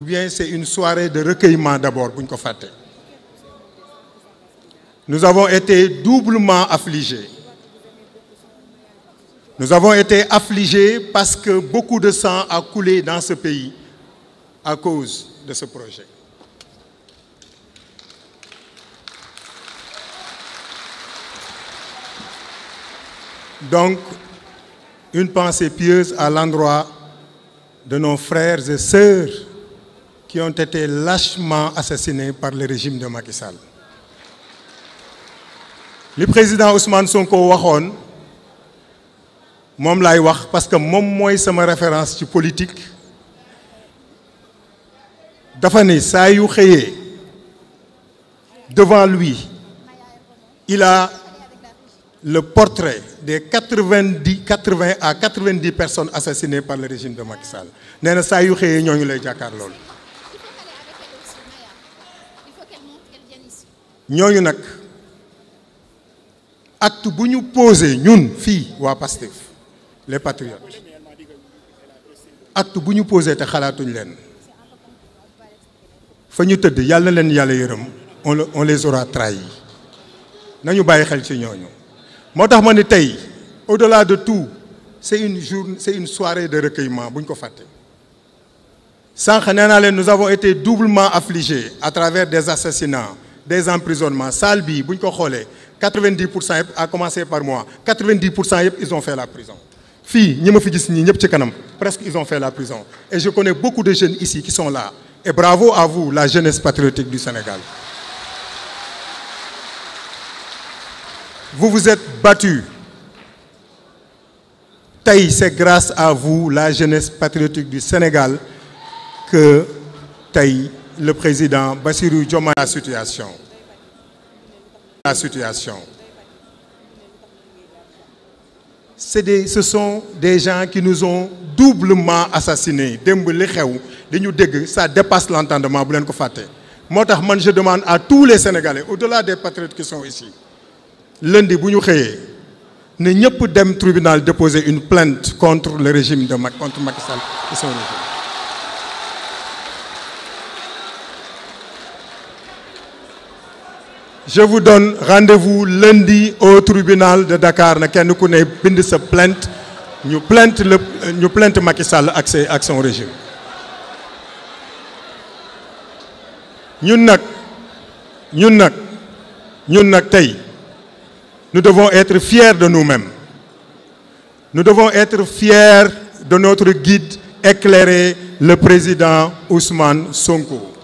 ou bien c'est une soirée de recueillement d'abord bu ñu ko fàtte nous avons été doublement affligés nous avons été affligés parce que beaucoup de sang a coulé dans ce pays à cause de ce projet donc une pensée pieuse à l'endroit de nos frères et sœurs qui ont été lâchement assassinés par le régime de Macky Sall. li président Ousmane Sonko waxoon moom laay wax parce que moom mooy sama référence ci politique dafa ne saa yu xëyee devant lui il a le portrait des quatre-vingt-dix quatre-vingts à quatre-vingt-dix personnes assassinées par le régime de Macky Sall nee na saa yu xëyee ñooñu lay jàkkaar loolu ñooñu nag acte bu ñu posé ñun fii waa PASTEF les patriotes acte bu ñu posé te xalaatuñ leen fa ñu tëdd yàlla leen yàlla yërëm on on les aura trahis nañu bàyyi xel ci ñooñu moo tax ma ni tey au-delà de tout c'est une journée c'est une soirée de recueillement bu ñu ko fàtte sànq nee naa leen nous avons été doublement affligés à travers des assassinats des emprisonnements salle bii bu ñu ko xoolee quatre-vingt-dix à commencer par moi quatre pour cent yëpp ils ont fait la prison fii ñi ma fi gis ñii ñëpp ci kanam presque ils ont fait la prison et je connais beaucoup de jeunes ici qui sont là et bravo à vous la jeunesse patriotique du Sénégal vous vous êtes battus tey c'est grâce à vous la jeunesse patriotique du Sénégal que tey le président basiru Diomaye la situation la situation c'est des ce sont des gens qui nous ont doublement assassinés démb li xew li ñu dégg ça dépasse l'entendement bu leen ko fàtte moo tax man je demande à tous les Sénégalais au-delà des patriotes qui sont ici lundi bu ñu xëyee ne ñëpp dem tribunal déposer une plainte contre le régime de Macky contre Macky Sall je vous donne rendez-vous lundi au tribunal de Dakar na kenn ku ne bind sa plainte ñu plainte le ñu plainte Macky Sall ak ses ak son ñun nag ñun nag ñun nag tey nous devons être fiers de nous-mêmes nu devons être fiers de notre guide éclairé le président Ousmane Sonko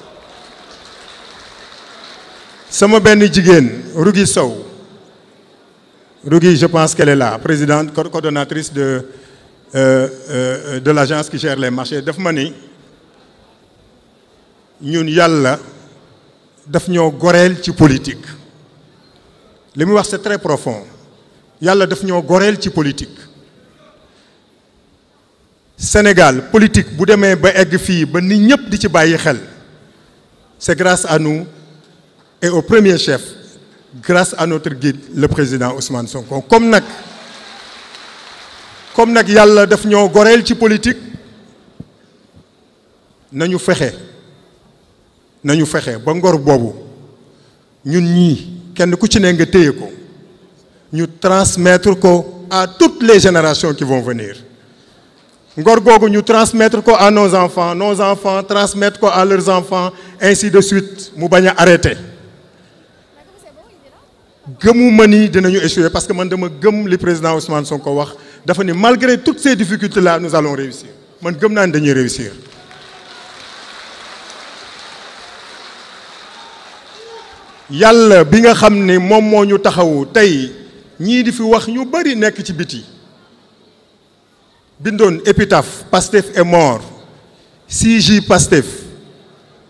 sama benn jigéen Rougui Sow Rougui je pense qu'elle est président présidente coordonnatrice de euh, euh, de l'agence qui gère les marchés daf ma ni ñun yàlla daf ñoo goreel ci politique li mu wax c'est très profond yàlla daf ñoo goreel ci politique Sénégal politique bu demee ba egg fii ba nit ñëpp di ci bàyyi xel c'est grâce à nous et au premier chef grâce à notre guide le président Ousmane Sonko comme nag comme nag yàlla daf ñoo goreel ci politique nañu fexe nañu fexe ba ngor boobu ñun ñii kenn ku ci ne nga téye ko ñu transmettre ko à toutes les générations qui vont venir ngor googu ñu transmettre ko à nos enfants nos enfants transmettre ko à leurs enfants ainsi de suite mu bañ a arrêté gëmuma ni dinañu échouer parce que man dama gëm li président Ousmane ko wax dafa ni malgré toutes ces difficultés là nous allons réussir man gëm naa ni dañuy réussir. yàlla bi nga xam ne moom moo ñu taxawu tey ñii di fi wax ñu bari nekk ci biti bindoon épitaphe Pastef est mort CJ Pastef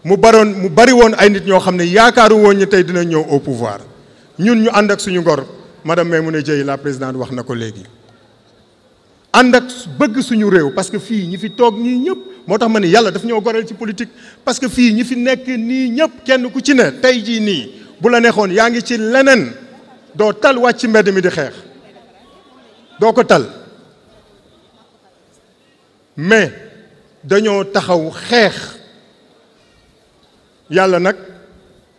mu baroon mu bari woon ay nit ñoo xam ne yaakaaru woon ñu tey dina ñëw au pouvoir. ñun ñu ànd ak suñu ngor madame Maimouna Dièye la président wax na ko léegi ànd ak bëgg suñu réew parce que fii ñi fi toog ñii ñëpp moo tax ma ne yàlla daf ñoo goreel ci politique parce que fii ñi fi nekk nii ñëpp kenn ku ci ne tey jii nii bu la neexoon yaa ngi ci leneen doo tal wàcc ci mbedd mi di xeex doo ko tal mais dañoo taxaw xeex yàlla nag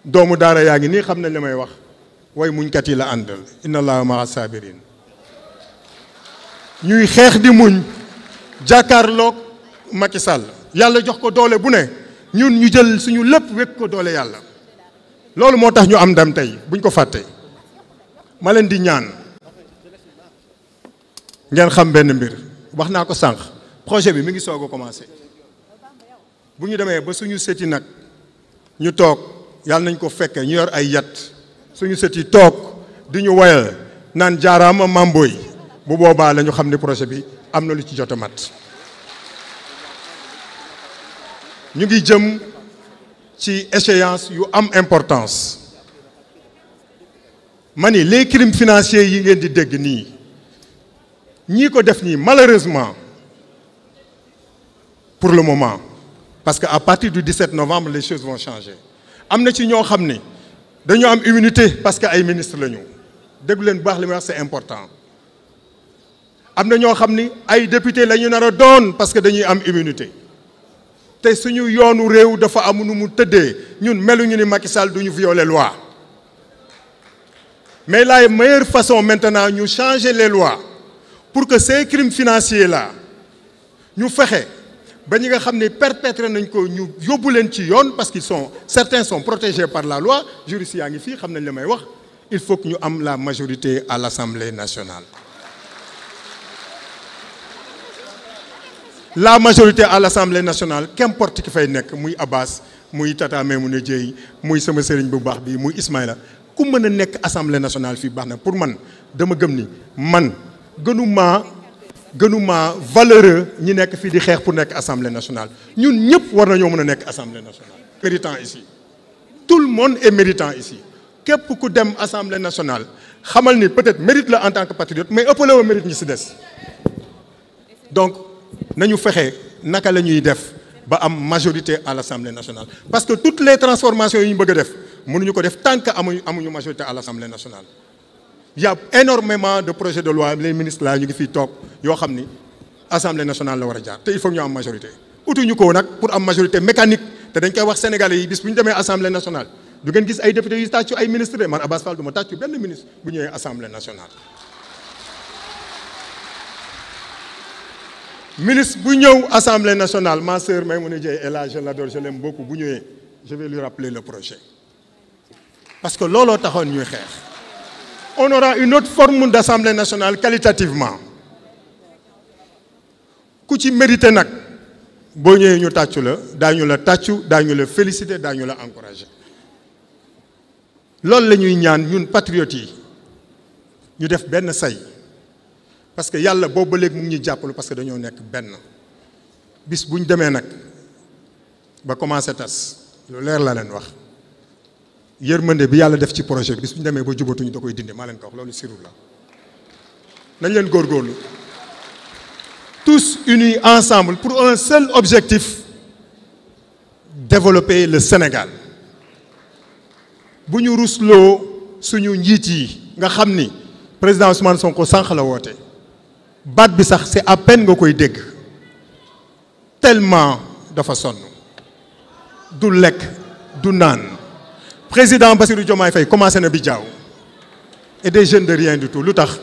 doomu daara yaa ngi nii xam nañ li may wax woy muñkat yi la àndal inna allaha maa sabirin ñuy xeex di muñ jàkkaarlook Macky Sall yàlla jox ko doole bu ne ñun ñu jël suñu lépp wékk ko doole yàlla loolu moo tax ñu am ndam tey buñ ko fàtte ma leen di ñaan ngeen xam benn mbir wax naa ko sànq projet bi mi ngi soog a commencé bu ñu demee ba suñu seeti nag ñu toog yàlla nañ ko fekkee ñu yor ay yat suñu sët yi toog di ñu woyal naan jaaraama Mamboy bu boobaa la ñu xam ne projet bi am na lu ci jot a mat ñu ngi jëm ci échéance yu am importance ma ni les crimes financiers yi ngeen di dégg nii ñii ko def nii malheureusement pour le moment parce que à partir du 17 novembre les choses vont changer am na ci ñoo xam ni dañoo am immunité parce que ay ministre la ñu déglu leen bu baax li may wax c'est important am na ñoo xam ni ay député la ñu nar a doon parce que dañuy am immunité te suñu yoonu réew dafa amu nu mu tëddee ñun meluñu ni Macky Sall duñu violer loi mais la meilleure façon maintenant ñu changer les lois pour que ces crimes financier là ñu fexe. ba ñi nga xam ne perpétré nañ ko ñu yóbbu leen ci yoon parce qu'ils sont certains sont protégés par la loi juriste yaa ngi fii xam nañ la may wax il faut que ñu am la majorité à l'Assemblée nationale la majorité à nationale qu'importe ki fay nekk muy Abbas muy Tata ne Dièye muy sama sëriñ bu baax bi muy Ismaïla ku mën a nekk Assemblée nationale fii baax na pour man dama gëm ni man gënu gënuma valeureux ñi nekk fii di xeex pour nekk assemblée nationale ñun ñëpp war nañoo mën a nekk assemblée nationale méritant issi tout le monde est méritan issi képp ku dem assemblée nationale xamal ni peut-être mérite la en tant que patriote mais ëppale woo mérite ñi si des donc nañu fexe naka la ñuy def ba am majorité à l'assemblée nationale parce que toutes les transformations yi ñu bëgg def mënuñu ko def tant que amuñu amuñu majorité à l'assemblée nationale il y a énormément de projets de loi les ministre là ñu ngi fii toog yoo xam ni assemblée nationale la war a jaar te il faut ñu am majorité utuñu ko nag pour am majorité mécanique te dañ koy wax sénégalais yi bis bu ñu demee assemblée nationale du ngeen gis ay député yu tàccu ay ministre de man Abass Fall du ma tàccu benn ministre bu ñëwee assemblée nationale. ministre bu ñëw assemblée nationale ma sœur Maymouna Dièye elle là je je l'aime beaucoup bu ñëwee je vais lui le projet parce que looloo taxoon ñuy on aura une autre forme d'Assemblée nationale qualitativement ku ci mérité nag boo ñëwee ñu tàccu la daañu la tàccu daañu la félicité daañu la encouragé loolu la ñuy ñaan ñun patriotes yi ñu def benn say parce que yàlla boobu ba léegi mu ngi ñuy jàppalu parce que dañoo nekk benn bis bu ñu demee nag ba commencé tas lu leer la leen wax yërmande bi yàlla def ci projet bi suñu demee ba jubatuñu da koy dindi maa leen ko wax loolu sirru la nañ leen góorgóorlu tous unis ensemble pour un seul objectif développer le Sénégal bu ñu rusloo suñu njiit yi nga xam ni président Ousmane Sonko sànq la woote baat bi sax c'est à peine nga koy dégg tellement dafa sonn du lekk du naan président Bassirou Diomaye Faye commencé na Bidjaaw et des jeunes de rien du tout lu tax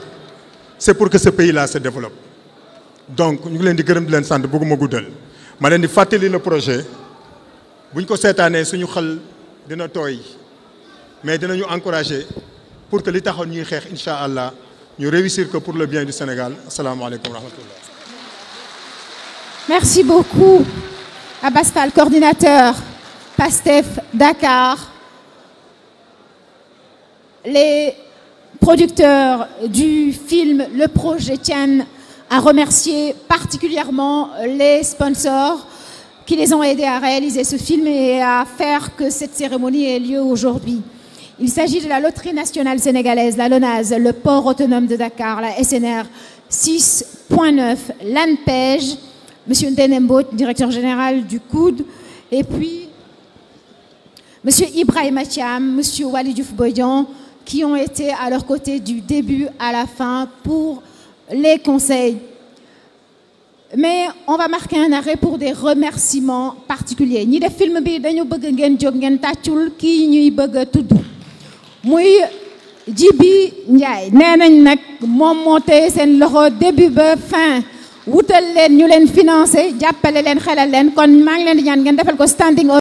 c'est pour que ce pays là se développe donc ñu ngi leen di gërëm di leen sant bëgguma guddal ma leen di fàttali le projet buñ ko seetaanee suñu xel dina tooy mais dinañu encourager pour que li taxoon ñuy xeex incha allah ñu réussir que pour le bien du Sénégal asalaamaaleykum wa rahmatullah merci Dakar les producteurs du film Le Projet tiennent à remercier particulièrement les sponsors qui les ont aidés à réaliser ce film et à faire que cette cérémonie ait lieu aujourd'hui. Il s'agit de la Loterie nationale sénégalaise, la LONAS, le port autonome de Dakar, la SNR 6.9, l'ANPEJ, Monsieur Ndenembo, directeur général du COUD, et puis Monsieur Ibrahim Atiam, Monsieur Walid Boyan, qui ont été à leur côté du début à la fin pour les conseils. mais on va marquer un arrêt pour des remerciements particuliers ñi def film bi dañu bëgg ngeen jóg ngeen tàccul kii ñuy bëgg a tudd muy Jibi Njaay nee nañ nag moom moo téye seen loxo début ba fin wutal leen ñu leen financé jàppale leen xelal leen kon maa ngi leen di ñaan ngeen defal ko standing